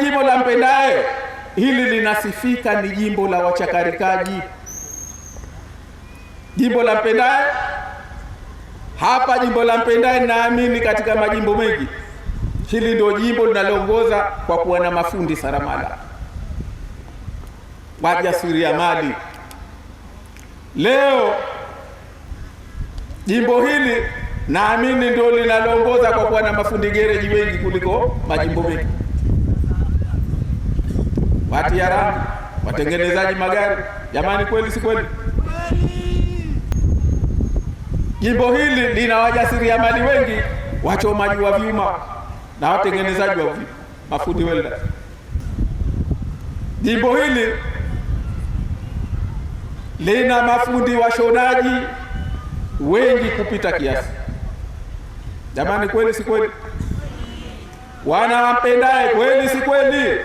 Jimbo la Mpendae hili linasifika ni jimbo la wachakarikaji. Jimbo la Mpendae hapa, jimbo la Mpendae naamini katika majimbo mengi, hili ndio jimbo linaloongoza kwa kuwa na mafundi saramala, wajasiriamali. Leo jimbo hili naamini ndio linaloongoza kwa kuwa na mafundi gereji wengi kuliko majimbo mengi bati ya rangi, watengenezaji magari. Jamani, kweli si kweli? Jimbo hili lina wajasiriamali wengi, wachomaji wa vyuma na watengenezaji wa vyuma, mafundi welda. Jimbo hili lina mafundi washonaji wengi kupita kiasi. Jamani, kweli si kweli? wana wampendae kweli si kweli?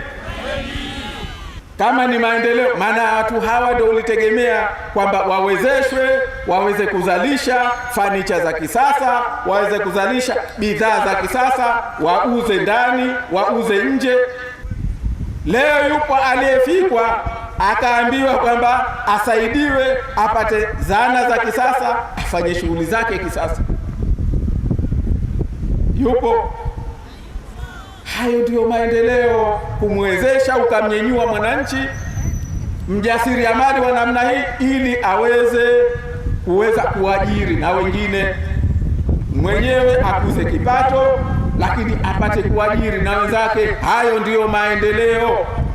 Kama ni maendeleo, maana watu hawa ndio ulitegemea kwamba wawezeshwe waweze kuzalisha fanicha za kisasa, waweze kuzalisha bidhaa za kisasa, wauze ndani, wauze nje. Leo yupo aliyefikwa akaambiwa kwamba asaidiwe apate zana za kisasa, afanye shughuli zake kisasa. Yupo Hayo ndiyo maendeleo, kumwezesha ukamnyenyua mwananchi mjasiriamali wa namna hii, ili aweze kuweza kuajiri na wengine, mwenyewe akuze kipato, lakini apate kuajiri na wenzake. Hayo ndiyo maendeleo.